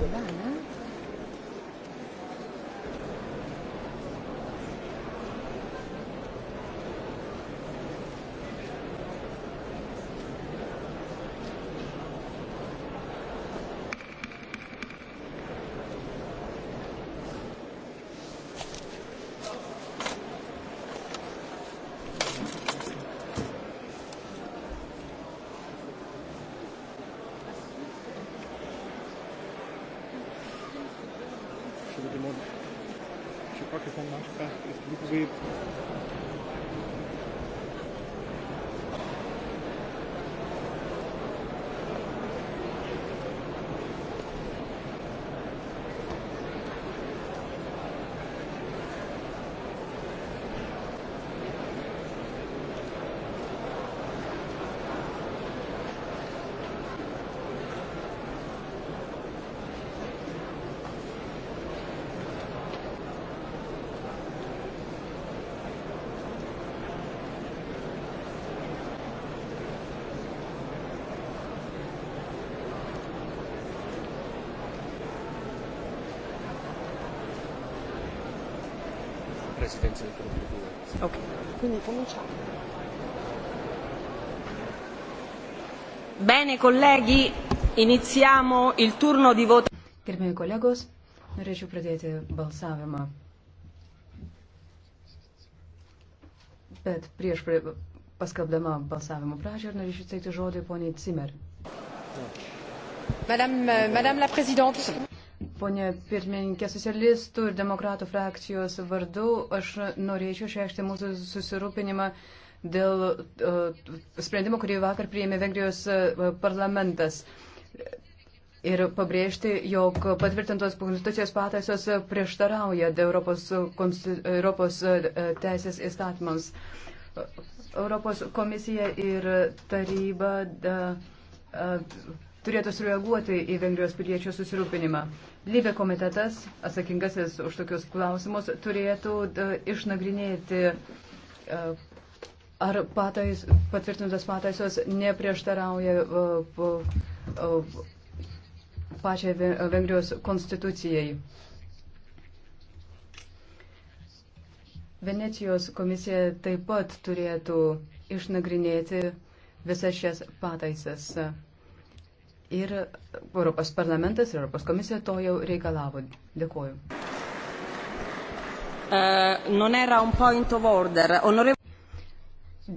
Giovanna? labai presidenza del comune. Ok, quindi cominciamo. Bene, colleghi, iniziamo il turno di voto. Gerbėjai kolegos, norėčiau pradėti balsavimą. Bet prieš paskelbdama balsavimo pradžią norėčiau teikti žodį poniai Cimer. Madame, madame la Présidente ponė pirmininkė, socialistų ir demokratų frakcijos vardu aš norėčiau išreikšti mūsų susirūpinimą dėl uh, sprendimo, kurį vakar priėmė Vengrijos uh, parlamentas. Ir pabrėžti, jog patvirtintos konstitucijos pataisos prieštarauja Europos, Europos e, teisės įstatymams. Europos komisija ir taryba. Da, uh, turėtų sureaguoti į Vengrijos piliečių susirūpinimą. Lybė komitetas, atsakingasis už tokius klausimus, turėtų išnagrinėti, e, ar patais, patvirtintas pataisos neprieštarauja e, e, pačiai Vengrijos konstitucijai. Venecijos komisija taip pat turėtų išnagrinėti visas šias pataisas. Ir Europos parlamentas ir Europos komisija to jau reikalavo. Dėkuoju. Uh, non era un point of order. Honore...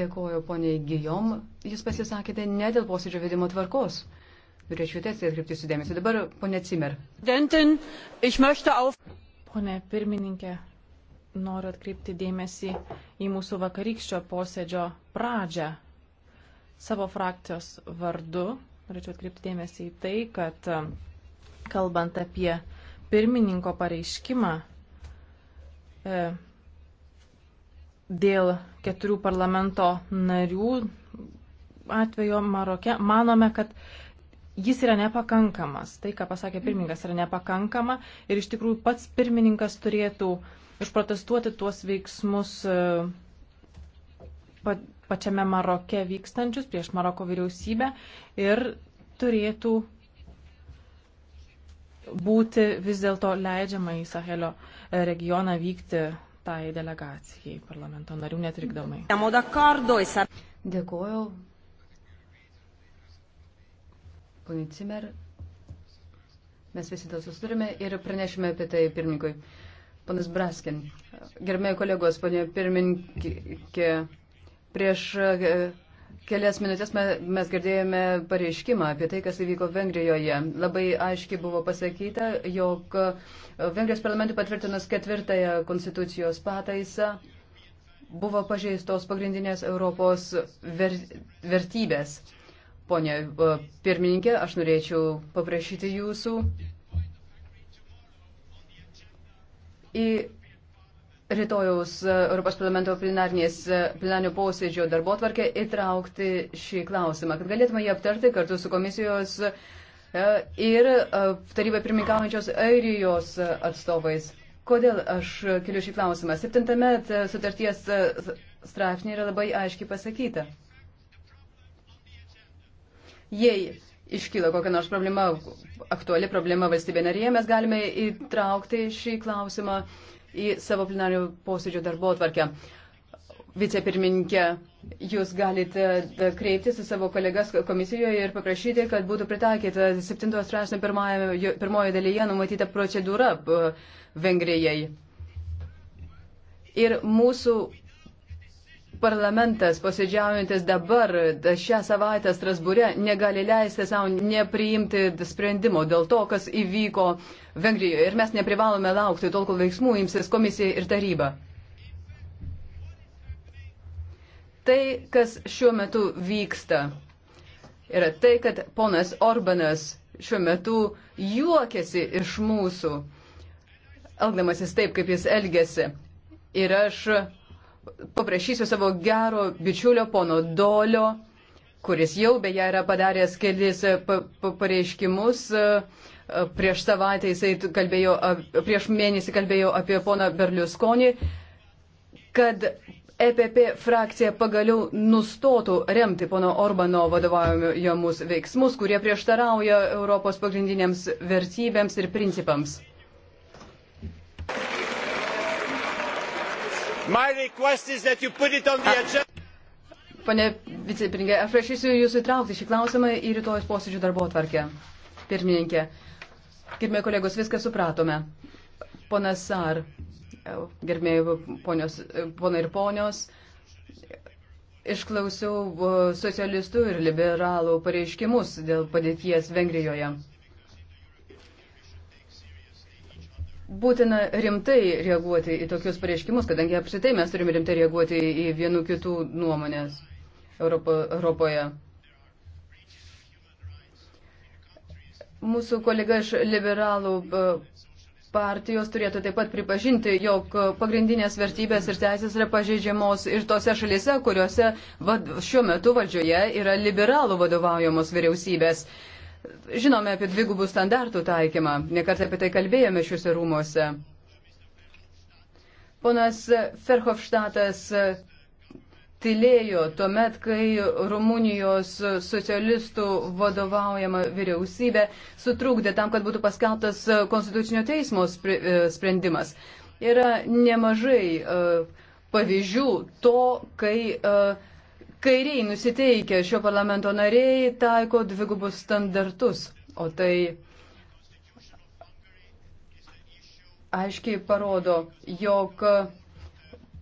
Dėkuoju poniai Gijom. Jūs pasisakėte ne dėl posėdžio vedimo tvarkos. Norėčiau tiesiai atkreipti sudėmesį. Dabar ponė Cimer. Pone pirmininkė, noriu atkreipti dėmesį į mūsų vakarykščio posėdžio pradžią. Savo frakcijos vardu norėčiau atkreipti dėmesį į tai, kad e, kalbant apie pirmininko pareiškimą e, dėl keturių parlamento narių atvejo Maroke, manome, kad jis yra nepakankamas. Tai, ką pasakė pirmininkas, yra nepakankama ir iš tikrųjų pats pirmininkas turėtų išprotestuoti tuos veiksmus. E, pačiame Maroke vykstančius prieš Maroko vyriausybę ir turėtų būti vis dėlto leidžiama į Sahelio regioną vykti tai delegacijai parlamento narių netrikdomai. E Dėkuoju. Pane Cimer, mes visi dėl susiturime ir pranešime apie tai pirmininkui. Panas Braskin, gerbėjai kolegos, ponė pirmininkė. Prieš e, kelias minutės mes girdėjome pareiškimą apie tai, kas įvyko Vengrijoje. Labai aiškiai buvo pasakyta, jog e, Vengrijos parlamentui patvirtinus ketvirtąją konstitucijos pataisą buvo pažeistos pagrindinės Europos ver, vertybės. Pone e, pirmininkė, aš norėčiau paprašyti jūsų į rytojaus e, Europos parlamento e, plenarnio posėdžio darbo tvarkę įtraukti šį klausimą, kad galėtume jį aptarti kartu su komisijos e, ir tarybai pirmininkaujančios Airijos atstovais. Kodėl aš keliu šį klausimą? Septintame sutarties straipsnė yra labai aiškiai pasakyta. Jei iškyla kokia nors problema, aktuali problema valstybė narėje, mes galime įtraukti šį klausimą į savo plenario posėdžio darbo atvarkę. Vicepirmininkė, jūs galite kreiptis į savo kolegas komisijoje ir paprašyti, kad būtų pritaikyta 7 straipsnio pirmojo dalyje numatyta procedūra Vengrijai. Ir mūsų parlamentas, posėdžiaujantis dabar šią savaitę Strasbūre, negali leisti savo nepriimti sprendimo dėl to, kas įvyko Vengrijoje. Ir mes neprivalome laukti tol, kol veiksmų imsis komisija ir taryba. Tai, kas šiuo metu vyksta, yra tai, kad ponas Orbanas šiuo metu juokiasi iš mūsų, elgdamasis taip, kaip jis elgesi. Ir aš paprašysiu savo gero bičiulio pono Dolio, kuris jau beje yra padaręs kelis e, pareiškimus. E, e, prieš savaitę jisai kalbėjo, prieš mėnesį kalbėjo apie poną Berliuskonį, kad EPP frakcija pagaliau nustotų remti pono Orbano vadovaujamus veiksmus, kurie prieštarauja Europos pagrindiniams vertybėms ir principams. Pane vicepirinkė, aš prašysiu jūsų įtraukti šį klausimą į rytojus posėdžių darbo atvarkę. Pirmininkė, gerbėjai kolegos, viską supratome. Ponas Sar, gerbėjai ponios, ponai ir ponios, išklausiau socialistų ir liberalų pareiškimus dėl padėties Vengrijoje. būtina rimtai reaguoti į tokius pareiškimus, kadangi apsitai mes turime rimtai reaguoti į vienų kitų nuomonės Europo, Europoje. Mūsų kolega iš liberalų e, partijos turėtų taip pat pripažinti, jog pagrindinės vertybės ir teisės yra pažeidžiamos ir tose šalise, kuriuose vad, šiuo metu valdžioje yra liberalų vadovaujamos vyriausybės. Žinome apie dvigubų standartų taikymą, nekart apie tai kalbėjome šiuose rūmose. Ponas Ferhofštatas tylėjo tuo met, kai Rumunijos socialistų vadovaujama vyriausybė sutrūkdė tam, kad būtų paskeltas Konstitucinio teismo e, sprendimas. Yra nemažai e, pavyzdžių to, kai uh, kairiai nusiteikę šio parlamento nariai taiko dvigubus standartus, o tai aiškiai parodo, jog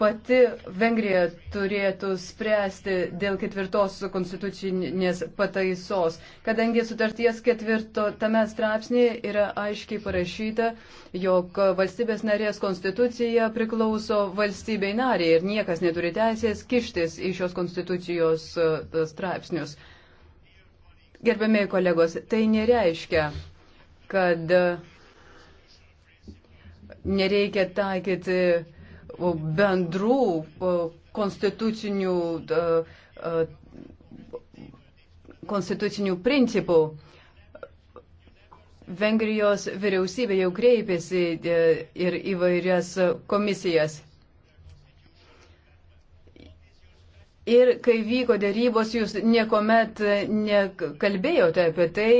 pati Vengrija turėtų spręsti dėl ketvirtos konstitucinės pataisos, kadangi sutarties ketvirtame straipsnėje yra aiškiai parašyta, jog valstybės narės konstitucija priklauso valstybei nariai ir niekas neturi teisės kištis į šios konstitucijos e, straipsnius. Gerbėmiai kolegos, tai nereiškia, kad nereikia taikyti bendrų e, konstitucinių, e, e, konstitucinių principų. Vengrijos vyriausybė jau kreipėsi ir įvairias komisijas. Ir kai vyko dėrybos, jūs niekuomet nekalbėjote apie tai,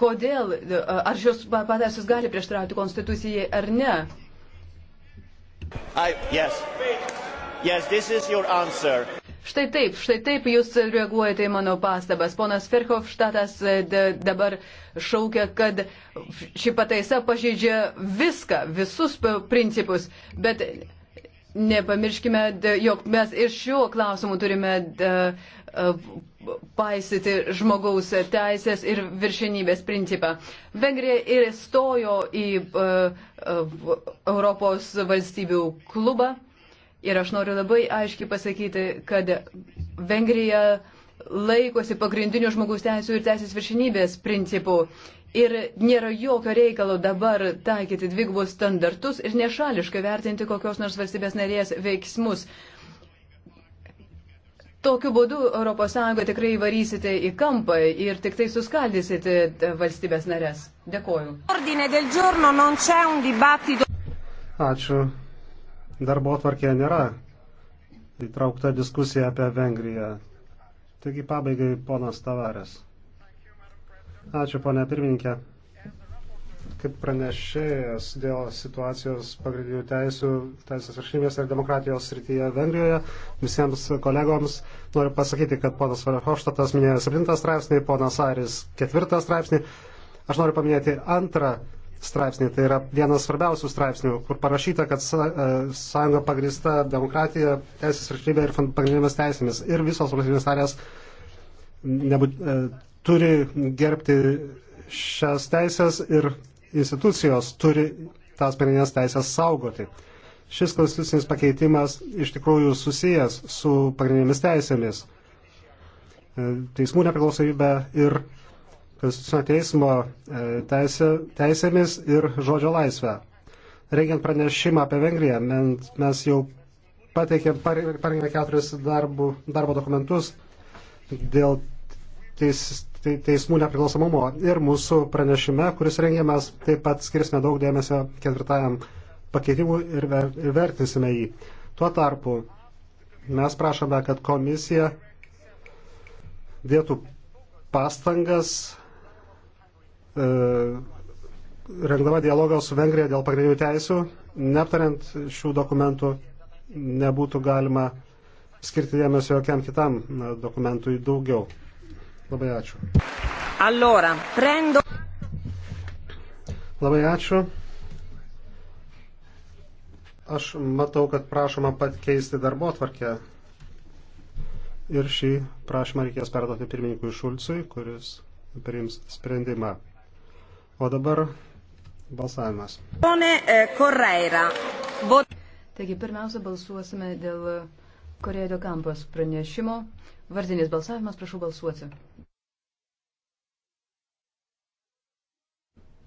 kodėl, ar šios pataisos gali prieštrauti konstitucijai ar ne. I, yes. Yes, štai taip, štai taip jūs reaguojate į mano pastabas. Ponas Ferhofštatas e, dabar šaukia, kad ši pataisa pažeidžia viską, visus principus, bet nepamirškime, jog mes ir šiuo klausimu turime paisyti žmogaus teisės ir viršinybės principą. Vengrija ir įstojo į Europos valstybių klubą. Ir aš noriu labai aiškiai pasakyti, kad Vengrija laikosi pagrindinių žmogaus teisų ir teisės viršinybės principų. Ir nėra jokio reikalo dabar taikyti dvigubus standartus ir nešališkai vertinti kokios nors valstybės narės veiksmus. Tokiu būdu ES tikrai varysite į kampą ir tik tai suskaldysite valstybės narės. Dėkoju. Ačiū. Darbo atvarkėje nėra įtraukta diskusija apie Vengriją. Taigi pabaigai ponas Tavarės. Ačiū, ponia pirmininkė. Kaip pranešėjas dėl situacijos pagrindinių teisų, teisės viršinybės ir demokratijos srityje Vengrijoje, visiems kolegoms noriu pasakyti, kad ponas Hofštatas minėjo 7 straipsnį, ponas Aris 4 straipsnį. Aš noriu paminėti antrą straipsnį, tai yra vienas svarbiausių straipsnių, kur parašyta, kad e, sąjunga pagrįsta demokratija, teisės viršinybė ir pagrindinėmis teisėmis. Ir visos valstybės narės nebūt, e, turi gerbti šias teisės ir institucijos turi tas pagrindinės teisės saugoti. Šis konstitucinis pakeitimas iš tikrųjų susijęs su pagrindinėmis teisėmis. E, teismų nepriklausomybė ir konstitucinio teismo e, teisė, teisėmis ir žodžio laisvę. Rengiant pranešimą apie Vengriją, mes jau pateikėm, parengėme keturis darbų, darbo dokumentus dėl teis, Tai teismų nepriklausomumo. Ir mūsų pranešime, kuris rengiamas, taip pat skirsime daug dėmesio ketvirtajam pakeitimui ir, ver, ir vertinsime jį. Tuo tarpu mes prašome, kad komisija dėtų pastangas e, rengdama dialogą su Vengrija dėl pagrindinių teisų, neaptariant šių dokumentų nebūtų galima skirti dėmesio jokiam kitam dokumentui daugiau. Labai ačiū. Allora, prendo. Labai ačiū. Aš matau, kad prašoma pat keisti darbo tvarkę. Ir šį prašymą reikės perduoti pirmininkui Šulcui, kuris priims sprendimą. O dabar balsavimas. Pone Koreira. E, Taigi, pirmiausia, balsuosime dėl Korėjo Kampos pranešimo. Vardinis balsavimas, prašau balsuoti.